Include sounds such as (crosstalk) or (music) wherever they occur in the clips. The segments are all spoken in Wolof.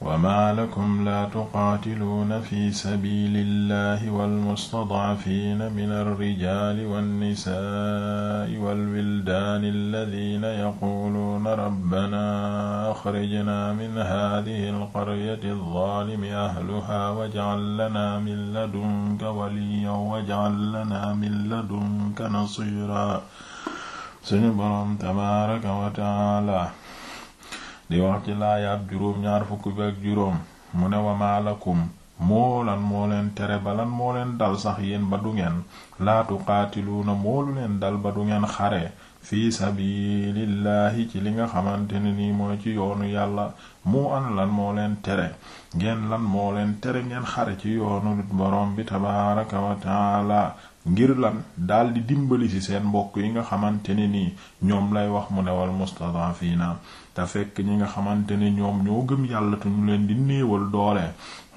وما لكم لا تقاتلون في سبيل الله والمستضعفين من الرجال والنساء والولدان الذين يقولون ربنا أخرجنا من هذه القرية الظالم أهلها واجعل لنا من لدنك وليا واجعل لنا من لدنك نصيرا suñu boroom tabaaraka wa taala di wax ci laayaab juróom-ñaar fukk bi ak juróom mu ne wa maalakum moo lan moo leen tere ba lan moo leen dal sax yéen ba du ngeen laa tuqaatiluuna lu leen dal ba du ngeen xare fii sabilillahi ci li nga xamante ne nii mooy ci yoonu yàlla mu an lan moo leen tere ngeen lan moo leen tere ngeen xare ci yoonu boroom bi tabaaraka wa ngir lan daal di dimbali ci seen mbokk yi nga xamante ne nii ñoom lay wax mu newal mustadafina te fekk ñi nga xamante ne ñoom ñoo gëm yàlla te ñu leen di néewal doole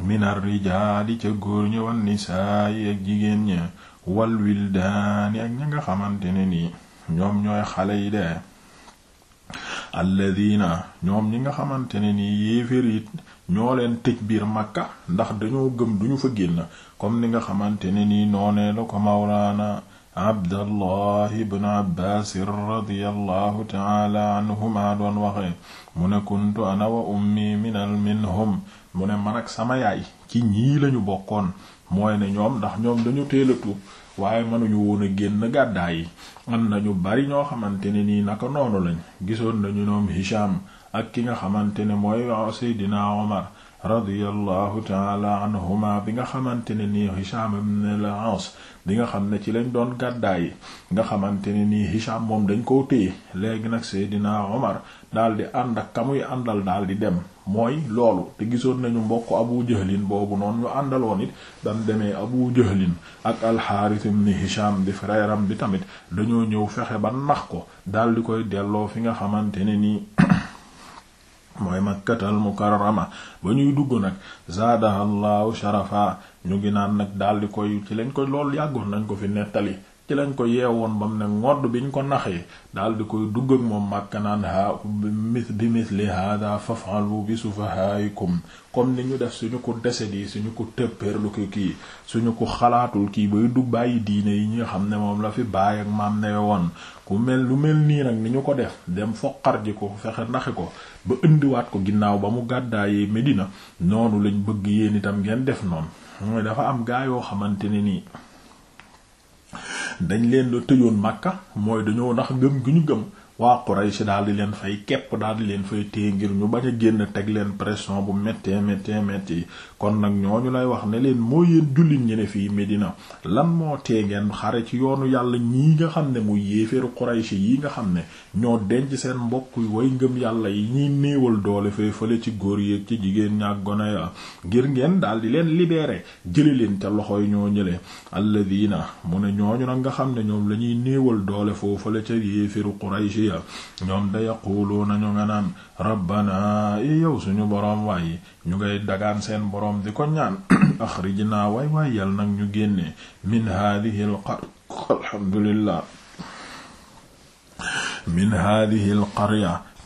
minar rijaali ca góor ñi wan nisaayi ak jigéen ñi wal wildaani ak ña nga xamante ne nii ñoom ñooy xale yi de alladina ñoom ñi nga xamante ne nii yéefér ñoo leen tëj biir Makka ndax dañoo gëm duñu fa génn comme ni nga xamante ne nii noonee la ko mawlaana Abdallah ibn Abbaas radiyallahu taala anhuma doon waxee mu ne kuntu ana ummi minal minhum mu ne man ak sama yaay ci ñii lañu bokkoon mooy ne ñoom ndax ñoom dañu teelatu waaye mënuñu woon a génn gàddaay yi am nañu bari ñoo xamante ne nii naka noonu lañ gisoon nañu ñoom Hisham ak ki nga xamante ne mooy seydina Omar radiyallahu taala anhuma bi nga xamante ne nii Hisham ne al-Aas bi nga xam ne ci lañ doon gàddaayi nga xamante ne nii Hisham moom dañ koo téye léegi nag seydina Omar daal di ànd ak kamuy àndal daal di dem mooy loolu te gisoon nañu mbokk abu jahlin boobu noonu ñu àndaloon it dam demee abu jahlin ak alxaaris ibn hisham di frère bi tamit dañoo ñëw fexe ba nax ko daal di koy delloo fi nga xamante ne nii mooy makkatal mukarrama ba ñuy dugg nag zaadahallahu sharafa ñu ngi naan nag daal di koy ci lañ ko lool yàggoon nañ ko fi nettali ci lañ ko yeewoon ba mu ne ngodd ñu ko naxee daal di koy dugg ak moom Makka naan ha bi misli hada faf'alu bi sufahaikum comme ni ñu def suñu ko deset yi suñu ko tëppéerlu ko kii suñu ko xalaatul kii bay du bàyyi diine yi ñi nga xam ne moom la fi baay ak maam ne woon ku mel lu mel nii nag ni ñu ko def dem foqar ji ko fexe naxi ko ba indiwaat ko ginnaaw ba mu yi Medina noonu lañ bëgg yéen itam ngeen def noon mooy dafa xamante ne nii dañ leen la tëjoon Makka mooy dañoo ndax gëm gi ñu gëm waa Quraysh daal di leen fay kepp daal di leen fay téye ngir ñu bañ a génn teg leen pression bu méttee méttee métti kon nag ñooñu lay wax ne leen moo yéen jullit ñi ne fii Medina lan moo tee ngeen xare ci yoonu yàlla ñii nga xam ne muy yéeféeru Quraysh yi nga xam ne ñoo denc seen mbokk way ngëm yàlla yi ñiy néewal doole fay fële ci góor yéeg ci jigéen ñaag gone ya ngir ngeen daal di leen libérer jëli leen ca loxo ñoo ñële alladina mu ne ñooñu nag nga xam ne ñoom la ñuy néewal doole foo fële ya ñoom da yaquluuna nañu nga naan rabbana i eh, yow suñu borom waay ñu ngay dagaan seen boroom di ko ñaan (clears throat) axrijnaa waay waay yal nag ñu génnee min haadihi al qar alhamdulillah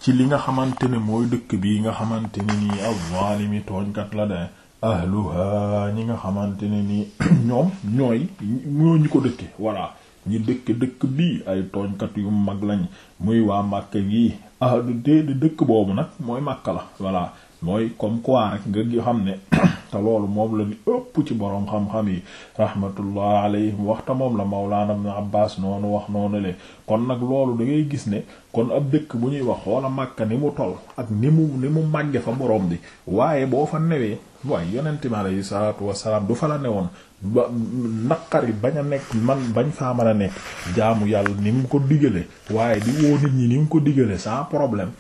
ci li nga xamante ne mooy dëkk bi nga xamante ne nii az-zaalimi tooñkat la de ahluha ñi nga xamante ne nii (clears throat) ñoom ñooy ñoo ñi ko dëkke voilà ñi dëkk dëkk bii ay tooñkat yu mag lañ muy waa Màkka gi ah de dëkk boobu nag mooy Màkka la voilà mooy comme quoi rek nga xam ne (coughs) te loolu moom la ñu ëpp ci boroom xam-xam yi rahmatullah alayhim waxta moom la Mawlaana Ibn Abbaas noonu wax noonu le kon nag loolu da ngay gis ne kon ab dëkk bu ñuy wax xoola màkk ni mu toll ak ni mu ni mu màgge fa boroom bi waaye boo fa newee waaye yonente mi alayhi salaatu wasalaam du fa la woon ba naqari bañ a nekk man bañ faa man a nekk jaamu yàlla ni mu ko digale waaye di woo nit ñi ni mu ko digale saa problème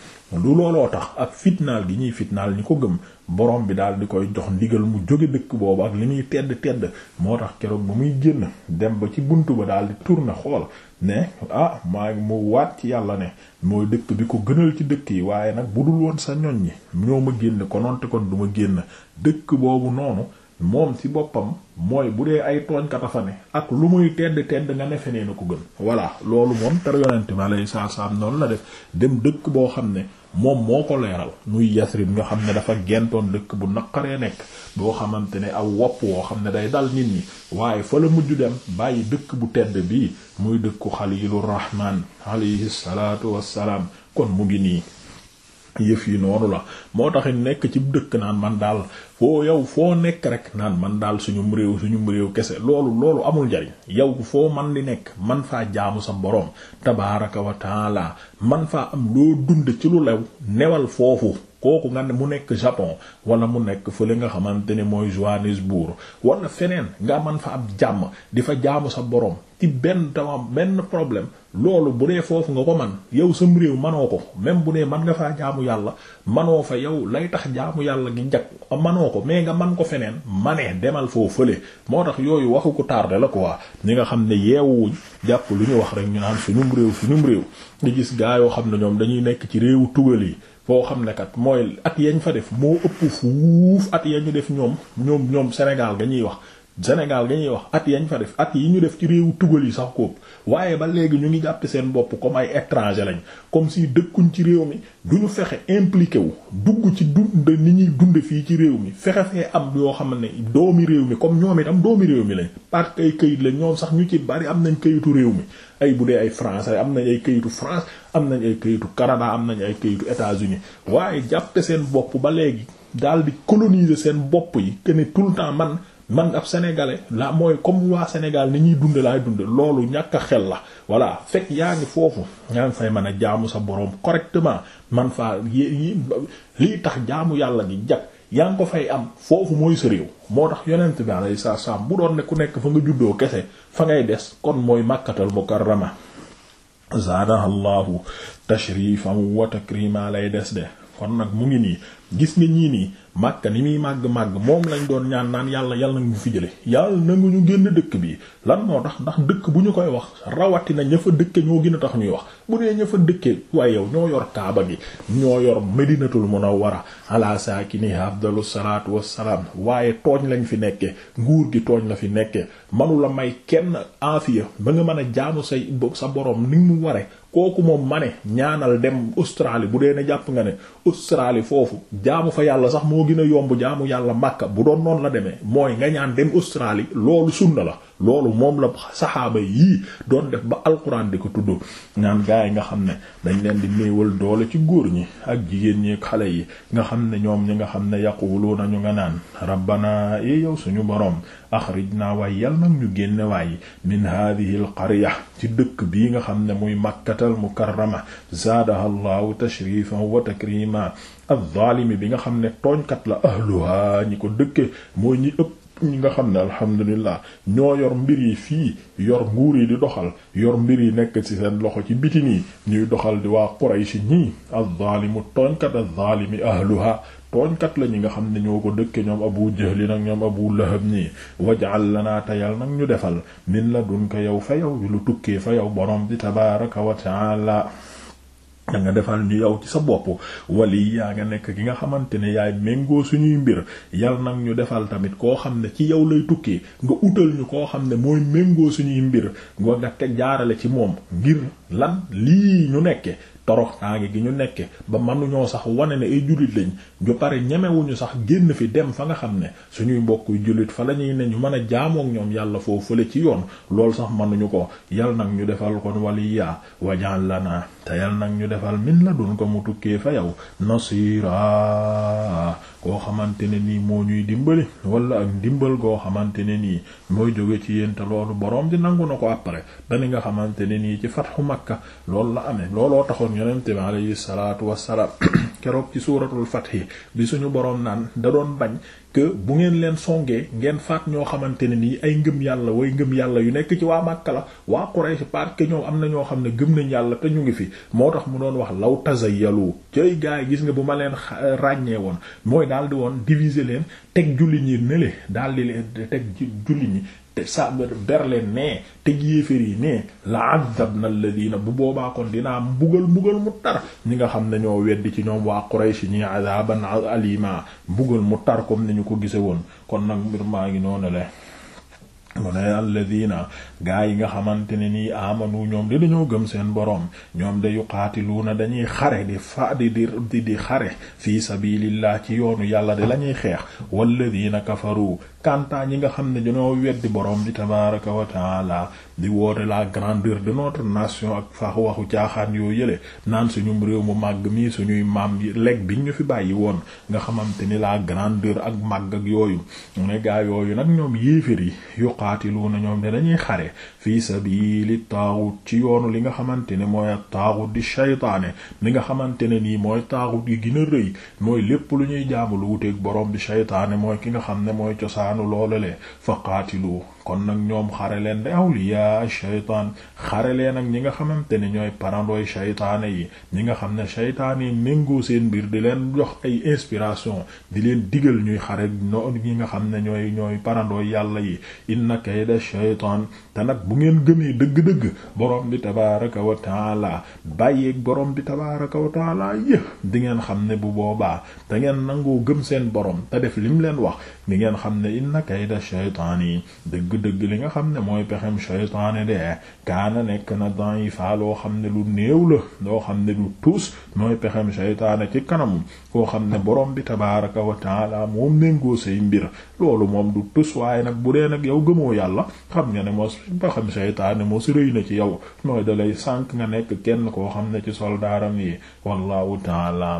lu looloo tax ak fitnaal gi ñuy fitnaal ñi ko gëm borom bi daal di koy jox ndigal mu jóge dëkk boobu ak li muy tedd tedd moo tax keroog ba muy génn dem ba ci bunt ba daal di tourner xool ne ah maa mu waat ci yàlla ne mooy dëkk bi ko gënal ci dëkk yi waaye nag bu dul woon sa ñoñ ñi ñoo ma génn kononte kon du ma génn dëkk boobu noonu moom ci boppam mooy bu dee ay tooñkat a fa ne ak lu muy tedd tedd nga ne feneen a ko gën voilà loolu moom tere yonent ma alayhi salaam noonu la def dem dëkk boo xam ne moom moo ko leeral muy Yasrib nga xam ne dafa gentoon dëkk bu naqaree nekk boo xamante ne aw wopp woo xam ne day dal nit ñi waaye fa la mujj dem bàyyi dëkk bu tedd bi muy dëkku xaliilu rahmaan alayhi salaatu wassalaam kon mu ngi nii yëf yi noonu la moo tax nekk ci dëkk naan man daal foo yow foo nekk rek naan man daal suñum réew suñum réew kese loolu loolu amul njariñ yow foo man di nekk man faa jaamu sa boroom tabaaraka wa man faa am loo dund ci lu lew newal foofu kooku nga ne mu nekk Japon wala mu nekk fële nga xamante ne mooy Johannesburg wala feneen nga man fa am jàmm di fa jaamu sa boroom ci benn tamam benn problème loolu bu dee foofu nga ko man yow sam réew manoo ko même bu dee man nga faa jaamu yàlla manoo fa yow lay tax jaamu yàlla gi njag manoo ko mais nga man ko feneen manee demal foo fële moo tax yooyu waxu ko tardé la ko quoi ñi nga xam ne yeewu jàpp lu ñu wax rek ñu naan sunum réew sunum réew di gis gaa yoo xam ne ñoom dañuy nekk ci réewu tugal yi foo xam ne kat mooy at yañ fa def moo ëpp fuuf at yañu def ñoom ñoom ñoom Sénégal ga ñuy wax Sénégal ga ñuy wax at yañ fa def at yi ñu def ci réewu tugal yi sax kóob waaye ba léegi ñu ngi jàpp seen bopp comme ay étranger lañ comme si dëkkuñ ci réew mi du fexe impliqué wu dugg ci dund ni ñuy dund fii ci réew mi fexe fee yoo xam ne doomi réew mi comme ñoom itam doomi réew mi lañ parce que këyit la ñoom sax ñu ci bari am nañ këyitu réew ay bu ay France am nañ ay France am nañ ay këyitu am nañ ay këyitu États-Unis waaye jàpp seen bopp ba léegi daal di coloniser seen bopp yi que ne tout le temps man man ab sénégalais laa mooy comme waa Sénégal ni ñuy dund laay dunde loolu ñàkk a xel la voilà fekk yaa ngi foofu yaa ngi fay man a jaamu sa boroom correctement man faa lii tax jaamu yàlla di jag yaa ngi ko fay am foofu mooy sa moo tax yonent bi alayhi salaam bu doon ne ku nekk fa nga juddoo kese fa ngay des kon mooy màkkatal mukarrama zaadahallahu tashrifan wa lay des de kon nag mu ngi nii gis nga ñii nii màkka ni muy màgg-màgg moom lañ doon ñaan naan yàlla yàlla na ñu fi jële yàlla nangu ñu génn dëkk bi lan moo tax ndax dëkk bu ñu koy wax rawatina ña fa dëkke ñoo gën a tax ñuy wax bu dee ña fa dëkke waaye yow ñoo yor kaaba gi ñoo yor medinatul munawwara ala saakini afdalu salaatu wassalaam waaye tooñ lañu fi nekke nguur gi tooñ la fi nekke manu la may kenn aafiya ba nga mën a jaamu say sa borom ni mu ware kooku moom ma ne ñaanal dem Australie bu dee ne jàpp nga ne Australie foofu jaamu fa yàlla sax moo gën a yomb jaamu yàlla Makka bu doon noonu la demee mooy nga ñaan dem Australie loolu sunna la loolu moom la saxaaba yii doon def ba alquran di ko tudd naan gaa yi nga xam ne dañ leen di néewal doole ci góor ñi ak jigéen ñi ak xale yi nga xam ne ñoom ñi nga xam ne yaquluuna nañu nga naan rabbana e yow suñu boroom axrijna waay yal nag ñu génne waay min hadihi al qarya ci dëkk bii nga xam ne muy makkatal mukarrama zaadaha allahu tashrifan wa takrima az-zalimi bi nga xam ne tooñkat la ahluha ñi ko dëkke mooy ñi ëpp ñi nga xam ne alhamdulilah ñoo yor mbir yi fii yor nguur yi di doxal yor mbir yi nekk ci seen loxo ci biti nii ñuy doxal di waa Quraysh ñii az-zalimu tooñkat az-zalimi ahluha tooñkat la ñi nga xam ne ñoo ko dëkkee ñoom abu jahlin ak ñoom abu lahab ñii waj'al lanaa te nag ñu defal min la dun ko yow fa yow lu tukkee fa yow borom bi tabaraka wa da nga defal ñu yow ci sa bopp wali yaa nga nekk ki nga xamante ne yaay méngoo suñuy mbir yal nag ñu defal tamit koo xam ne ci yow lay tukki nga utal ñu koo xam ne mooy méngoo suñuy mbir nga nga teg jaarale ci moom ngir lan lii ñu nekke torox taange gi ñu nekke ba mënuñoo sax wane ne ay jullit lañ ñu pare ñemewuñu sax génn fi dem fa nga xam ne suñuy mbokk jullit fa la ñuy ne ñu mën a jaamook ñoom yàlla foofu la ci yoon loolu sax mënuñu ko yal nag ñu defal kon waliya wajal lana te nag ñu defal min la dun ko mu tukkee fa yow nasira koo xamante ne nii moo ñuy dimbali walla ak dimbal goo xamante ne nii mooy jóge ci yéen loolu boroom di nangu na ko après dani nga xamante ne nii ci fatxu makka loolu la amee looloo taxoon yonente bi alayhi salaatu wassalaam (coughs) keroog ci suuratul fath bi suñu boroom naan da doon bañ que bu ngeen leen songee ngeen faat ñoo xamante ne nii ay ngëm yàlla way ngëm yàlla yu nekk ci waa Makka la waa Quraysh parce que ñoom am na ñoo xam ne gëm nañ yàlla te ñu ngi fi moo tax mu doon wax law tazayyalu cay gaa yi gis nga bu ma leen euh, ràññee woon mooy daal di woon diviser leen teg julli ñi nële daal di leen teg julli ñi te sa berleen nee teg yéeféer yi nee la na azabna alladina bu boobaa kon dinaa mbugal mbugal mu tar ñi nga xam ne ñoo weddi ci ñoom waa Quraysh ñi azaban alima mbugal mu tar comme ni ñu ko gise woon kon nag mbir maa ngi noonu le mu ne alladina gaa yi nga xamante ne nii amanu ñoom di dañoo gëm seen boroom ñoom lu na dañuy xare di fa di di di xare fii sabilillah ci yoonu yàlla de la ñuy xeex walladina kafaru kanta ñi nga xam ne dañoo weddi boroom bi tabaraka wa taala di woote la grandeur de notre nation ak fa waxu caaxaan yoo yële naan suñu réew mu màgg mii suñuy maam yi lekk bi ñu fi bàyyi woon nga xamante ni la grandeur ak màgg ak yooyu mu ne gaa yooyu nag na ñoom de dañuy xare fii sabiili taaxut ci yoonu li nga xamante ne mooy ak taaxut di shaytaane li nga xamante ne nii mooy taaxut yi gën a rëy mooy lépp lu ñuy jaamu lu wuteeg borom bi shaytaane mooy ki nga xam ne mooy cosaanu loolale fa qaatilu kon nag ñoom xare leen di awliya shaytaan xare leen ak ñi nga xamante ne ñooy parandooy shaytaane yi ñi nga xam ne shaytaan yi méngoo seen mbir di leen jox ay inspiration di leen digal ñuy xare no ñi nga xam ne ñooy ñooy parandooy yàlla yi inna kayda shaytaan te nag bu ngeen gëmee dëgg-dëgg borom bi tabaraka wa taala bàyyeeg borom bi tabaraka wa taala yë di ngeen xam ne bu boobaa te ngeen nangoo gëm seen borom te def lim leen wax di ngeen xam ne inna dëgg-dëgg li nga xam ne mooy pexem shaytaane de kaana nekk na da'ifa loo xam ne lu néew la loo xam ne lu tuus mooy pexem shaytaane ci kanam koo xam ne boroom bi tabaaraka wa taala moom méngoo say mbir loolu moom du tus waaye nag bu dee nag yow gëmoo yàlla xam nga ne mos pexem shaytaane mos rëy na ci yow mooy dalay sànk nga nekk kenn koo xam ne ci soldaaram yi wallahu taala